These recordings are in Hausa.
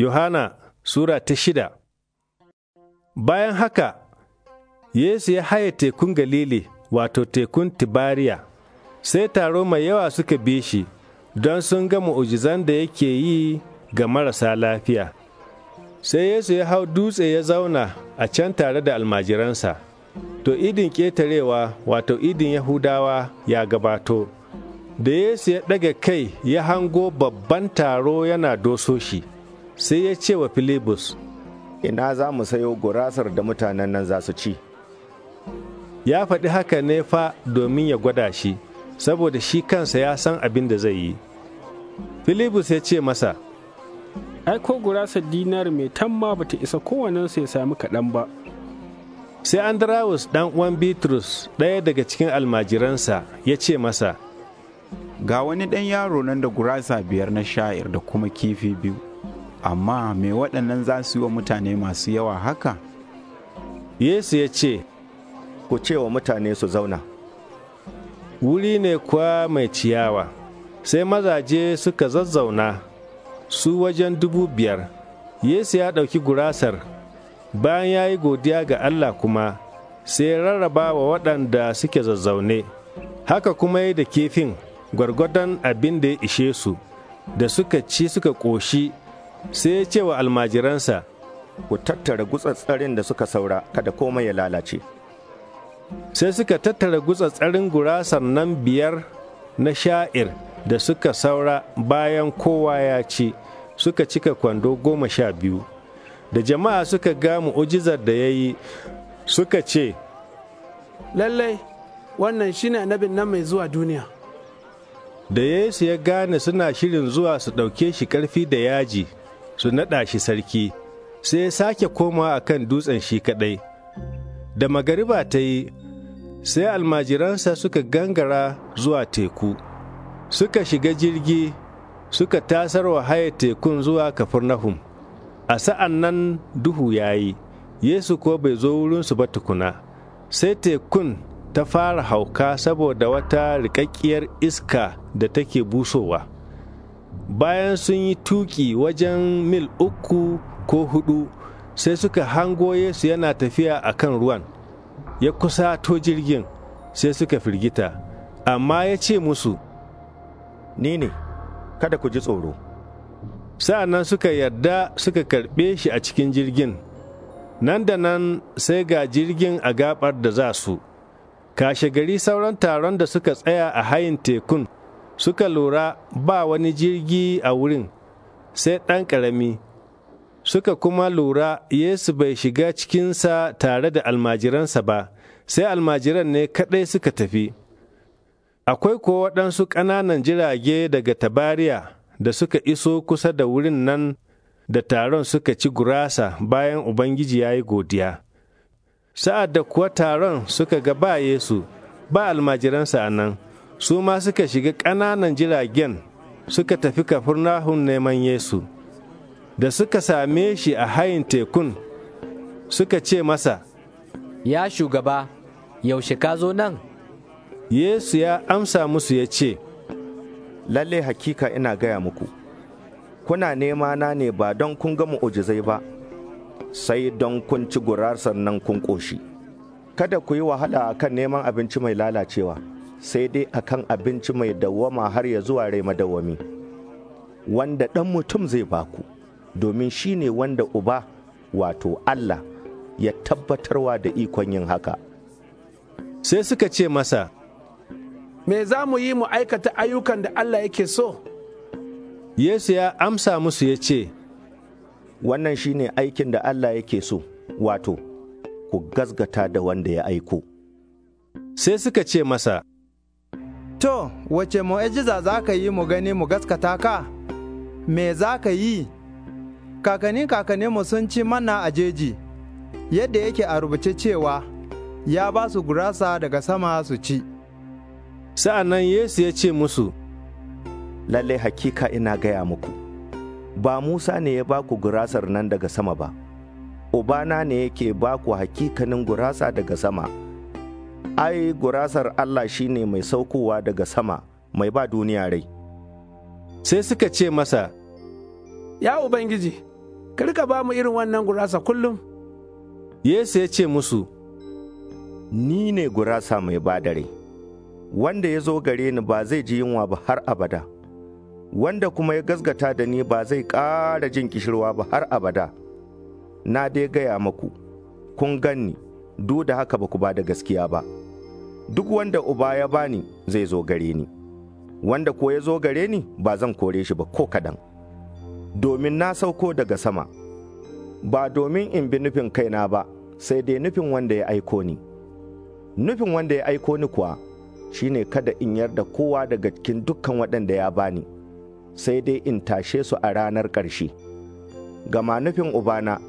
Yohana Sura ta shida Bayan haka, Yesu ya haye tekun Galili, wato tekun Tibariya, sai taro mai yawa suka bi shi don sun ga mu'ujizan da yake yi ga marasa lafiya. Sai Yesu ya hau dutse ya zauna a can tare da almajiransa, to idin ƙetarewa wato idin Yahudawa ya gabato, da Yesu ya ɗaga kai ya hango babban taro yana doso shi. sai ya ce wa filibus ina za mu sayo gurasar da mutanen nan za su ci ya faɗi haka ne fa domin ya gwada shi saboda shi kansa ya san abin da zai yi filibus ya ce masa ai ko gurasar dinar mai tamma bata isa kowanensu ya sami kaɗan ba sai Andraus ɗan uwan bitrus ɗaya daga cikin almajiransa ya ce masa ga wani ɗan yaro nan da gurasa biyar na sha'ir da kuma kifi biyu amma me waɗannan za su yi wa mutane masu yawa haka yesu ya ce ku ce wa mutane su zauna wuri ne kuwa mai ciyawa sai mazaje suka zazzauna su wajen dubu biyar yesu ya ɗauki gurasar bayan ya yi godiya ga allah kuma sai rarraba wa waɗanda suke zazzaune haka kuma yi da kifin gwargwadon abin da ya ishe su da suka ci suka ƙoshi sai ya ce wa almajiransa ku tattara gutsatsarin da suka saura kada komai ya lalace sai suka tattara gutsatsarin gurasar nan biyar na sha'ir da suka saura bayan kowa ya ci suka cika kwando goma sha biyu da jama'a suka gamu ujizar da ya yi suka ce lallai wannan shine annabin nan mai zuwa duniya da yesu ya gane suna shirin zuwa su ɗauke shi ƙarfi da yaji su naɗa shi sarki sai ya sake komawa a kan dutsen shi kaɗai da magariba ta yi sai almajiransa suka gangara zuwa teku suka shiga jirgi suka tasarwa haya tekun zuwa kafurnahum a sa'an nan duhu ya yi yesu ko bai zo wurinsu ba tukuna sai tekun ta fara hauka saboda wata riƙaƙƙiyar iska da take busowa. bayan sun yi tuki wajen mil uku ko hudu sai suka hango Yesu yana tafiya a kan ruwan ya kusa to jirgin sai suka firgita amma ya ce musu ni ne kada ku ji tsoro sa'an nan suka yarda suka karɓe shi a cikin jirgin nan da nan sai ga jirgin a gabar da za su kashe gari sauran taron da suka tsaya a hayin tekun suka lura ba wani jirgi a wurin sai ɗan ƙarami suka kuma lura Yesu bai shiga cikinsa tare da almajiransa ba sai almajiran ne kaɗai suka tafi akwai ko waɗansu ƙananan jirage daga tabariya da suka iso kusa da wurin nan da taron suka ci gurasa bayan Ubangiji ya yi godiya. Sa'ad da kuwa taron suka ga ba Yesu, ba almajiransa a nan, su ma suka shiga ƙananan jiragen suka tafi kafurnahun neman Yesu, da suka same shi a hayin tekun suka ce masa, Ya shugaba, yaushe ka zo nan? Yesu ya amsa musu ya ce, Lalle hakika ina gaya muku, kuna nema na ne ba don kun gama mu'ujizai ba, sai don kun ci gurasar nan kun ƙoshi. Kada ku yi wahala a kan neman abinci mai lalacewa. sai dai akan abinci mai dawwama har ya zuwa rai madawwami wanda ɗan mutum zai baku domin shi ne wanda uba wato Allah ya tabbatarwa da ikon yin haka sai suka ce masa me za mu yi mu aikata ayyukan da Allah yake so Yesu ya amsa musu ya ce wannan shi ne aikin da Allah yake so wato ku gazgata da wanda ya aiko sai suka ce masa To, wace mu'ajiza za ka yi mu gani mu gaskata ka? Me za ka yi? Kakanin mu sun ci mana a jeji, yadda yake a rubuce cewa, ya ba su gurasa daga sama su ci. Sa'an nan Yesu ya ce musu, Lalle hakika ina gaya muku, ba Musa ne ya ba ku gurasar nan daga sama ba, Ubana ne yake ba ku hakikanin gurasa daga sama. ai gurasar Allah shi ne mai saukowa daga sama mai ba duniya rai. Sai suka ce masa, Ya Ubangiji, ka ba mu irin wannan gurasa kullum. Yesu ya ce musu, Ni ne gurasa mai ba da rai, wanda ya zo gare ni ba zai ji yunwa ba har abada, wanda kuma ya gasgata da ni ba zai ƙara jin kishirwa ba har abada. Na dai gaya maku, kun ganni. du da haka ba ku ba da gaskiya ba. Duk wanda Uba ya bani zai zo gare ni, wanda ko ya zo gare ni ba zan kore shi ba ko kadan? Domin na sauko daga sama, ba domin in bi nufin kaina ba, sai dai nufin wanda ya aiko ni. Nufin wanda ya aiko ni kuwa shi ne kada in yarda kowa daga cikin dukkan waɗanda ya bani, sai dai in tashe su a ranar ƙarshe. Gama nufin Ubana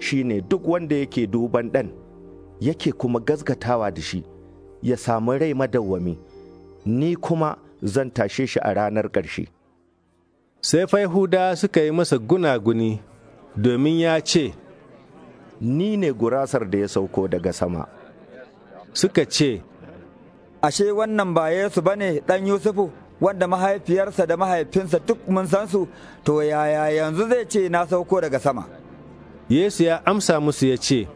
shi ne duk wanda yake duban ɗan. yake kuma gazgatawa da shi ya samu rai madawwami ni kuma zan tashe shi a ranar ƙarshe sai faihuda suka yi masa gunaguni domin ya ce ni ne gurasar da ya sauko daga sama suka ce ashe wannan ba yesu ba ne ɗan yusufu wanda mahaifiyarsa da mahaifinsa duk mun san su to yaya yanzu zai ce na sauko daga sama yesu ya amsa musu ya ce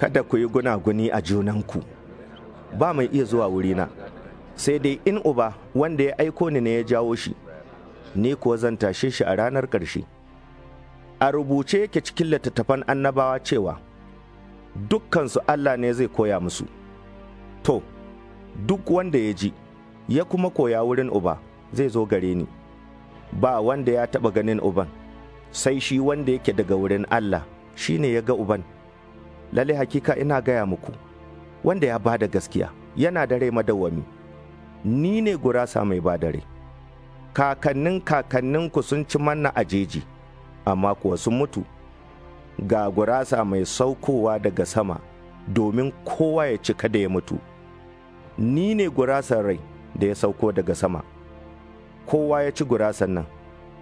kada ku yi guna guni a junanku ba mai iya zuwa wurina sai dai in uba wanda ya aiko ni ne ya jawo shi ni kuwa zan tashe shi a ranar ƙarshe a rubuce yake cikin littattafan annabawa cewa dukkansu Allah ne zai koya musu to duk wanda ya ji ya kuma koya wurin uba zai zo gare ni ba wanda ya taɓa ganin uban sai shi wanda yake daga wurin Allah shi ne ya ga uban. lalle hakika ina gaya muku, wanda ya ba da gaskiya yana da rai madawwami, ni ne gurasa mai ba da rai. Kakannin kakanninku sun ci manna a jeji, amma kuwa sun mutu, ga gurasa mai saukowa daga sama domin kowa ya cika da ya mutu. Ni ne gurasan rai da ya sauko daga sama, kowa ya ci gurasan nan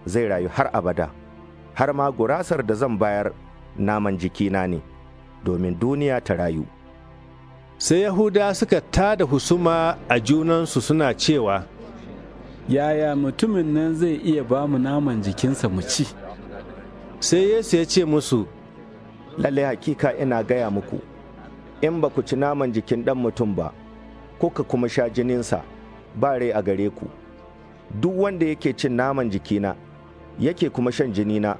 zai rayu har abada, har ma gurasar da zan bayar naman jikina ne. domin duniya ta rayu. Sai Yahuda suka tada husuma a junansu suna cewa, Yaya mutumin nan zai iya ba mu naman jikinsa mu ci? Sai Yesu ya ce musu, Lalle hakika ina gaya muku, in ba ku ci naman jikin ɗan mutum ba, kuka kuma sha jininsa, ba rai a gare ku. Duk wanda yake cin naman jikina, yake kuma shan jinina,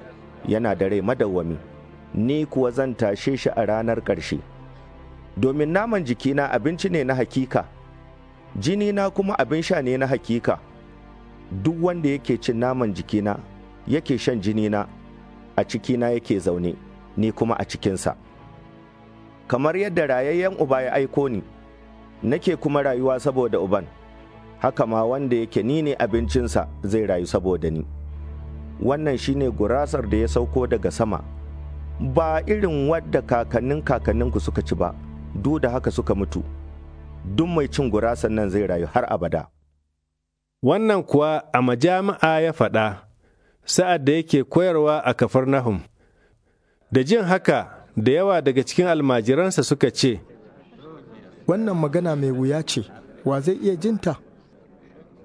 yana da rai madawwami. ni kuwa zan tashe shi a ranar ƙarshe. Domin naman jikina abinci ne na hakika, jini na kuma abin sha ne na hakika, duk wanda yake cin naman jikina yake shan jinina a cikina yake zaune, ni kuma a cikinsa. Kamar yadda rayayyen uba ya aiko ni, nake kuma rayuwa saboda uban, haka ma wanda yake ni ne abincinsa zai rayu saboda ni. Wannan shi ne gurasar da ya sauko daga sama. ba irin wadda kakannin kakanninku suka ci ba duk da haka suka mutu duk mai cin gurasan nan zai rayu har abada wannan kuwa a majami'a ya faɗa sa'ad da yake koyarwa a kafar nahum. Da jin haka da yawa daga cikin almajiransa suka ce, Wannan magana mai wuya ce, wa zai iya jinta?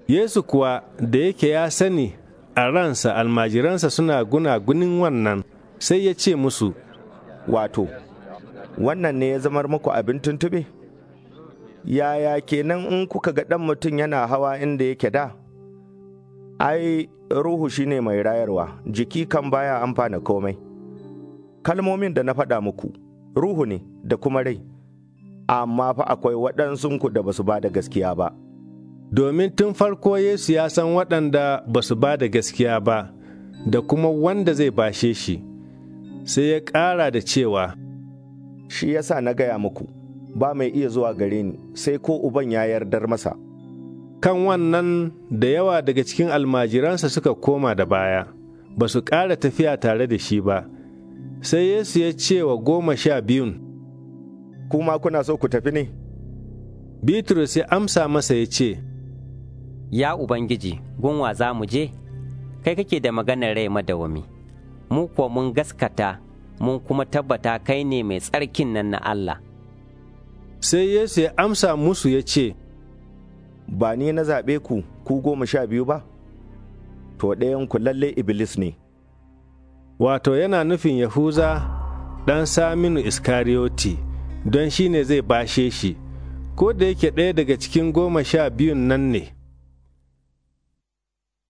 Yesu kuwa da yake ya sani a ransa almajiransa suna gunagunin wannan, sai ya ce musu wato wannan ne ya zamar muku abin tuntube yaya kenan in kuka ga ɗan mutum yana hawa inda yake da ai ruhu shine mai rayarwa jiki kan baya amfana komai kalmomin da na faɗa muku ruhu ne da kuma rai amma fa akwai waɗansunku da basu ba da gaskiya ba domin tun farko yesu ya san waɗanda basu ba da gaskiya ba da kuma wanda zai bashe shi. sai ya ƙara da cewa, Shi ya sa na gaya muku, ba mai iya zuwa gare ni sai ko uban ya yardar masa. Kan wannan da yawa daga cikin almajiransa suka koma da baya, ba su ƙara tafiya tare da shi ba, sai Yesu ya ce wa goma sha biyun, Kuma kuna so ku tafi ne? Bitrus ya amsa masa ya ce, Ya Ubangiji, gunwa za mu je, kai kake da maganar rai madawami. mu kuwa mun gaskata mun kuma tabbata kai ne mai tsarkin nan na Allah. Sai Yesu ya amsa musu ya ce, Ba ni na zaɓe ku ku goma sha biyu ba, to ku lalle Iblis ne. Wato yana nufin Yahuza ɗan Saminu Iskariyoti don shi ne zai bashe shi, ko da yake ɗaya daga cikin goma sha biyun nan ne.